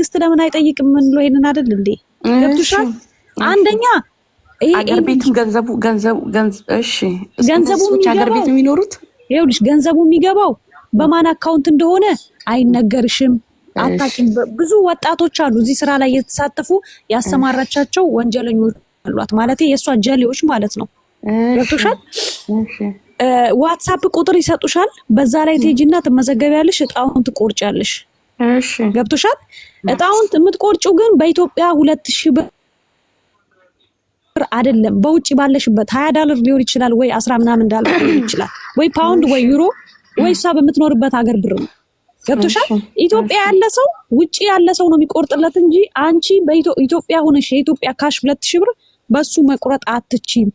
መንግስት ለምን አይጠይቅም? ምን ምንለው ይሄንን አይደል እንዴ? ገብቶሻል? አንደኛ አገር ቤትም ገንዘቡ ገንዘቡ እሺ፣ ገንዘቡ አገር ቤት የሚኖሩት ይኸውልሽ፣ ገንዘቡ የሚገባው በማን አካውንት እንደሆነ አይነገርሽም፣ አታውቂም። ብዙ ወጣቶች አሉ እዚህ ስራ ላይ የተሳተፉ ያሰማራቻቸው ወንጀለኞች አሏት ማለት የእሷ ጀሌዎች ማለት ነው። ገብቶሻል? ዋትሳፕ ቁጥር ይሰጡሻል። በዛ ላይ ትሄጂና ትመዘገቢያለሽ፣ እጣውን ትቆርጫለሽ። እሺ ገብቶሻል። እጣውን የምትቆርጪው ግን በኢትዮጵያ ሁለት ሺህ ብር አይደለም፣ በውጭ ባለሽበት ሀያ ዳለር ሊሆን ይችላል ወይ አስራ ምናምን ዳለር ሊሆን ይችላል ወይ ፓውንድ ወይ ዩሮ ወይ እሷ በምትኖርበት ሀገር ብር ነው። ገብቶሻል። ኢትዮጵያ ያለ ሰው ውጭ ያለ ሰው ነው የሚቆርጥለት እንጂ አንቺ በኢትዮጵያ ሆነሽ የኢትዮጵያ ካሽ ሁለት ሺህ ብር በሱ መቁረጥ አትችም።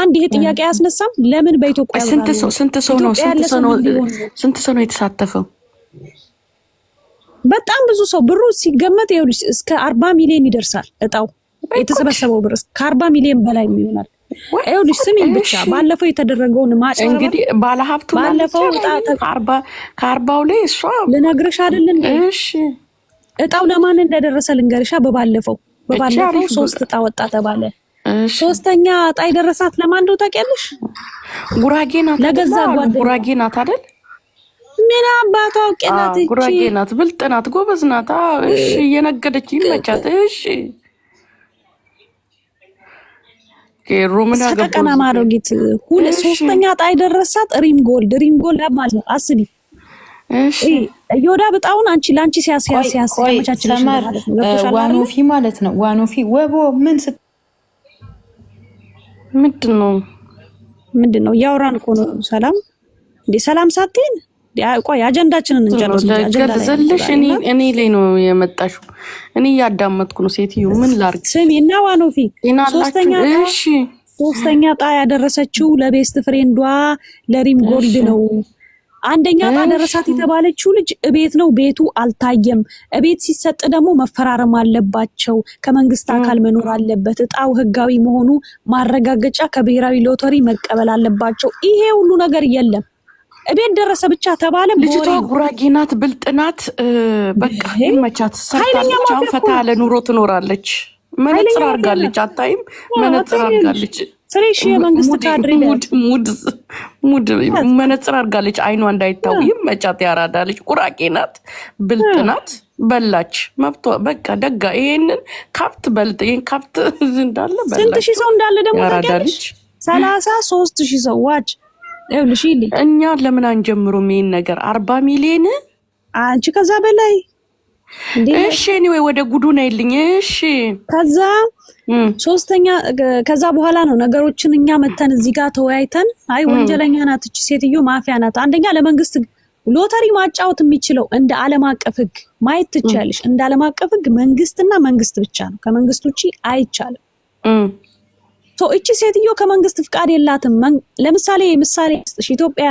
አንድ ይሄ ጥያቄ አያስነሳም። ለምን በኢትዮጵያ ስንት ሰው ነው ስንት ሰው ነው የተሳተፈው? በጣም ብዙ ሰው ብሩ ሲገመት ይኸውልሽ እስከ አርባ ሚሊዮን ይደርሳል። እጣው የተሰበሰበው ብር ከአርባ ሚሊዮን በላይ ይሆናል። ይኸውልሽ ስሚኝ ብቻ ባለፈው የተደረገውን ማጭ እንግዲህ ባለሀብቱ ባለፈው ከአርባው ላይ እሷ ልነግርሽ አይደል እጣው ለማን እንደደረሰ ልንገርሻ። በባለፈው በባለፈው ሶስት እጣ ወጣ ተባለ። ሶስተኛ እጣ የደረሳት ለማን እንደው ታውቂያለሽ? ጉራጌ ናት። ለገዛ ጓደኛ ጉራጌ ናት አይደል ምን አባቷ አውቄናት። ጉራጌ ናት፣ ብልጥ ናት፣ ጎበዝ ናት። እሺ እየነገደች ይመቻት። እሺ ሰቀቀና ማድረጊት ሁለ ሶስተኛ ጣይ ደረሳት። ሪም ጎልድ ሪም ጎልድ ማለት ነው። አስቢ እዮዳ በጣውን አንቺ ለአንቺ ሲያሲያሲያመቻችለማር ዋኖፊ ማለት ነው። ዋኖፊ ወቦ ምን ስ ምንድን ነው ምንድን ነው? እያወራን እኮ ነው። ሰላም እንዴ ሰላም ሳትይን ቆይ አጀንዳችንን እንጨርስ። ዘለሽ እኔ ላይ ነው የመጣሽ። እኔ እያዳመጥኩ ነው። ሴትዮ ምን ላርግ? ስሚ እና ዋኖፊ ሶስተኛ ሶስተኛ ጣ ያደረሰችው ለቤስት ፍሬንዷ ለሪም ጎልድ ነው። አንደኛ ጣ ደረሳት የተባለችው ልጅ እቤት ነው፣ ቤቱ አልታየም። እቤት ሲሰጥ ደግሞ መፈራረም አለባቸው፣ ከመንግስት አካል መኖር አለበት፣ እጣው ህጋዊ መሆኑ ማረጋገጫ ከብሔራዊ ሎተሪ መቀበል አለባቸው። ይሄ ሁሉ ነገር የለም። እቤት ደረሰ ብቻ ተባለ። ልጅቷ ጉራጌ ናት፣ ብልጥ ናት። በቃ ይመቻት። ሰርታለች፣ ፈታ ያለ ኑሮ ትኖራለች። መነጽር አርጋለች፣ አታይም? መነጽር አርጋለች ስሬሽ የመንግስት ካድሬ ሙድ መነጽር አድርጋለች፣ አይኗ እንዳይታው። ይመቻት፣ ያራዳለች። ጉራጌ ናት፣ ብልጥ ናት። በላች መብቷ። በቃ ደጋ ይሄንን ካብት በልጥ ይሄን ካብት እንዳለ ስንት ሺህ ሰው እንዳለ ደግሞ ታውቂያለሽ? ሰላሳ ሶስት ሺህ ሰዋች ይኸውልሽ እኛ ለምን አንጀምሩም ይሄን ነገር አርባ ሚሊዮን አንቺ ከዛ በላይ እሺ ኒወይ ወደ ጉዱ ነይልኝ። እሺ ከዛ ሶስተኛ ከዛ በኋላ ነው ነገሮችን እኛ መተን እዚህ ጋር ተወያይተን አይ ወንጀለኛ ናት እቺ ሴትዮ ማፊያ ናት። አንደኛ ለመንግስት ሎተሪ ማጫወት የሚችለው እንደ ዓለም አቀፍ ህግ ማየት ትችያለሽ። እንደ ዓለም አቀፍ ህግ መንግስትና መንግስት ብቻ ነው። ከመንግስት ውጪ አይቻልም። እቺ ሴትዮ ከመንግስት ፍቃድ የላትም። ለምሳሌ ምሳሌ ኢትዮጵያ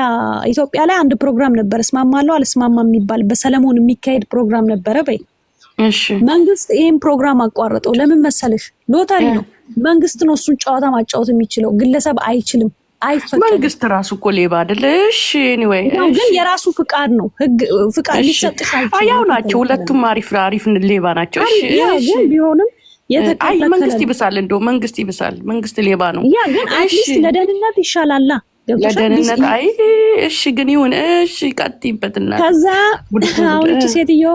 ኢትዮጵያ ላይ አንድ ፕሮግራም ነበር፣ እስማማለሁ አልስማማ የሚባል በሰለሞን የሚካሄድ ፕሮግራም ነበረ። በይ መንግስት ይህን ፕሮግራም አቋረጠው። ለምን መሰለሽ? ሎተሪ ነው። መንግስት ነው እሱን ጨዋታ ማጫወት የሚችለው፣ ግለሰብ አይችልም። መንግስት ራሱ እኮ ሌባ አይደል? እሺ ግን የራሱ ፍቃድ ነው፣ ህግ ፍቃድ ሊሰጥሽ። ያው ናቸው ሁለቱም አሪፍ አሪፍ ሌባ ናቸው ግን ቢሆንም አይ መንግስት ይብሳል፣ እንደው መንግስት ይብሳል። መንግስት ሌባ ነው። ያ ግን አትሊስት ለደህንነት ይሻላላ ለደህንነት አይ እሺ፣ ግን ይሁን እሺ፣ ቀጥይበትና ከዛ አሁንች ሴትዮ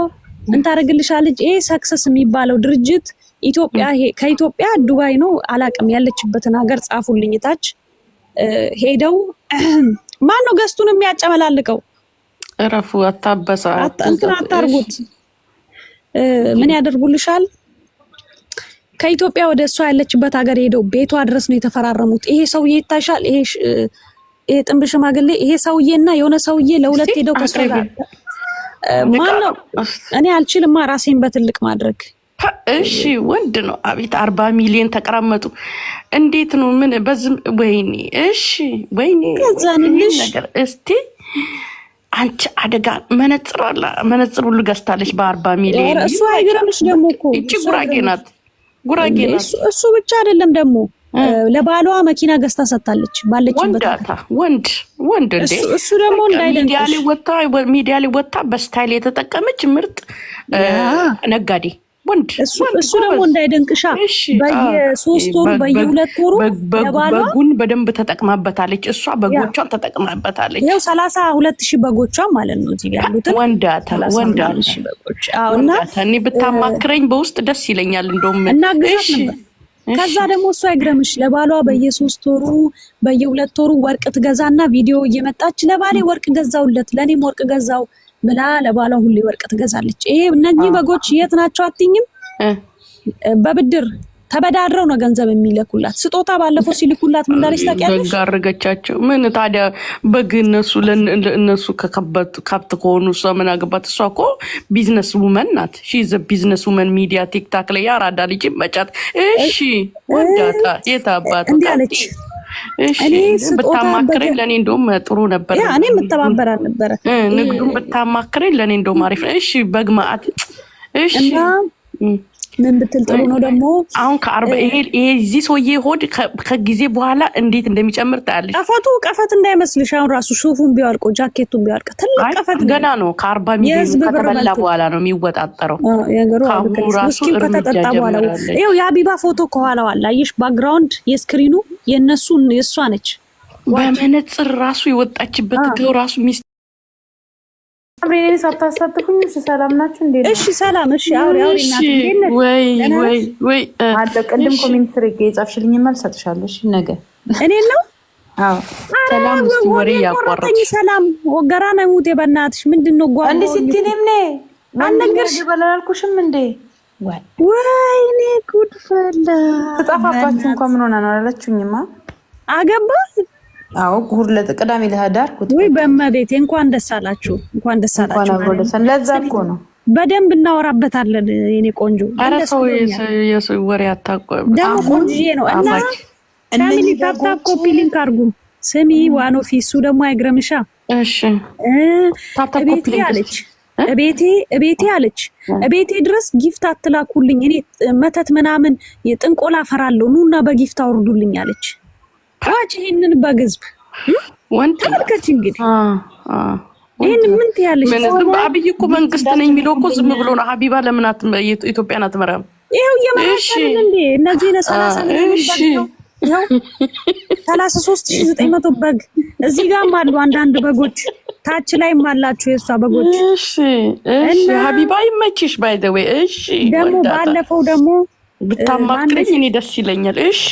እንታደርግልሻለች። ይሄ ሰክሰስ የሚባለው ድርጅት ኢትዮጵያ ከኢትዮጵያ ዱባይ ነው አላቅም፣ ያለችበትን ሀገር ጻፉልኝ ታች ሄደው ማን ነው ገስቱን የሚያጨመላልቀው? እረፉ፣ አታበሳ፣ እንትን አታርጉት። ምን ያደርጉልሻል? ከኢትዮጵያ ወደ እሷ ያለችበት ሀገር ሄደው ቤቷ ድረስ ነው የተፈራረሙት። ይሄ ሰውዬ ይታሻል፣ ይሄ ጥንብ ሽማግሌ፣ ይሄ ሰውዬና የሆነ ሰውዬ ለሁለት ሄደው ከእሷ ጋር ነው? እኔ አልችልማ ራሴን በትልቅ ማድረግ። እሺ ወንድ ነው። አቤት አርባ ሚሊዮን ተቀራመጡ። እንዴት ነው ምን በዝም ወይኔ፣ እሺ ወይኔ፣ ነገር እስቲ አንቺ አደጋ መነጽር አላ መነጽር ሁሉ ገዝታለች በአርባ ሚሊዮን። እሱ አይገርምሽ ደግሞ እኮ እቺ ጉራጌ ናት። ጉራጌ እሱ ብቻ አይደለም ደግሞ ለባሏ መኪና ገዝታ ሰጥታለች ባለችበት ወንድ ወንድ እሱ ደግሞ ሚዲያ ላይ ወጥታ በስታይል የተጠቀመች ምርጥ ነጋዴ ወንድ እሱ ደግሞ እንዳይደንቅሻ በየሶስት ወሩ በየሁለት ወሩ በጉን በደንብ ተጠቅማበታለች። እሷ በጎቿን ተጠቅማበታለች። ይኸው ሰላሳ ሁለት ሺህ በጎቿ ማለት ነው እዚህ ያሉትን ወንዳተወንዳተወንዳተ እኔ ብታማክረኝ በውስጥ ደስ ይለኛል። እንደውም እናግዛት ነበር። ከዛ ደግሞ እሷ አይግረምሽ ለባሏ በየሶስት ወሩ በየሁለት ወሩ ወርቅ ትገዛና ቪዲዮ እየመጣች ለባሌ ወርቅ ገዛውለት፣ ለእኔም ወርቅ ገዛው ብላ ለባሏ ሁሌ ወርቅ ትገዛለች። ይሄ እነኚህ በጎች የት ናቸው አትኝም? በብድር ተበዳድረው ነው ገንዘብ የሚለኩላት። ስጦታ ባለፈው ሲልኩላት ምን እንዳለች ታውቂያለሽ? አድርገቻቸው ምን ታዲያ በግ እነሱ እነሱ ከብት ከሆኑ እሷ ምን አገባት? እሷ እኮ ቢዝነስ ውመን ናት። ሺዘ ቢዝነስ ውመን ሚዲያ ቲክታክ ላይ ያራዳ ልጅ መጫት እሺ ወዳታ የታባት እንዲህ አለች ብታማክረኝ ለእኔ እንደውም ጥሩ ነበር። እኔ የምተባበር አልነበረ ንግዱን ብታማክረኝ ለእኔ እንደውም አሪፍ እሺ በግ እሺ ምን ብትል ጥሩ ነው ደግሞ አሁን ከአርባ ይሄ ዚህ ሰውዬ ሆድ ከጊዜ በኋላ እንዴት እንደሚጨምር ታያለች። ቀፈቱ ቀፈት እንዳይመስልሽ። አሁን ራሱ ሱፉን ቢያልቆ ጃኬቱን ቢያልቅ ትልቅ ቀፈት ገና ነው። ከአርባ ሚሊዮን ከተበላ በኋላ ነው የሚወጣጠረው። ስኪው ከተጠጣ በኋላ ይኸው የአቢባ ፎቶ ከኋላው አለ። አየሽ ባክግራውንድ የስክሪኑ የእነሱ የእሷ ነች። በመነጽር ራሱ የወጣችበት ራሱ ሚስ አብሬኔ ሳታሳትፉኝ። እሺ ሰላም ናችሁ? እንዴ? እሺ ሰላም። እሺ አውሪ አውሪ። ወይ ወይ ወይ አለ ቅድም ኮሜንት ስር የጻፍሽልኝ መልስ ሰጥሻለሁ። እሺ ነገ እኔ ነው? አዎ ሰላም። እስቲ ወሬ ያቋረጥኝ። ሰላም ወገራ ነው ሙቴ። በእናትሽ ምንድን ነው ጓ እንዴ ስትኔም ነ አልነገርሽ በላልኩሽም እንዴ ወይኔ ጉድ ፈላ ተጣፋባችሁ። እንኳን ምን ሆና ነው አላለችኝማ። አገባ አዎ እሑድ ቅዳሜ ለህዳር ዳርኩት። ወይ በእመቤቴ እንኳን ደስ አላችሁ፣ እንኳን ደስ አላችሁ። ለዛ እኮ ነው በደንብ እናወራበታለን። የኔ ቆንጆ ወሬ አታቆም። ደግሞ ቆንጆዬ ነው እና ዳሚኒ ታፕታፕ ኮፒ ሊንክ አድርጉ። ስሚ ዋኖፊ እሱ ደግሞ አይግረምሻ ቤቴ አለች እቤቴ እቤቴ አለች እቤቴ ድረስ ጊፍት አትላኩልኝ፣ እኔ መተት ምናምን የጥንቆላ ፈራለሁ፣ ኑና በጊፍት አውርዱልኝ አለች። ተዋች። ይሄንን በግዝብ ወንድ ተመልከች እንግዲህ ይህን ምን ትያለሽ? አብይ እኮ መንግስት ነኝ የሚለው እኮ ዝም ብሎ ነው። ሀቢባ ለምን ኢትዮጵያን አትመራም? ይኸው እየመራን እንዴ እነዚህ ሰላሳ ሶስት ሺ ዘጠኝ መቶ በግ እዚህ ጋርም አሉ አንዳንድ በጎች ታች ላይም አላችሁ የእሷ በጎች። ሀቢባ ይመችሽ። እሺ ደግሞ ባለፈው ደግሞ ብታማክረኝ እኔ ደስ ይለኛል። እሺ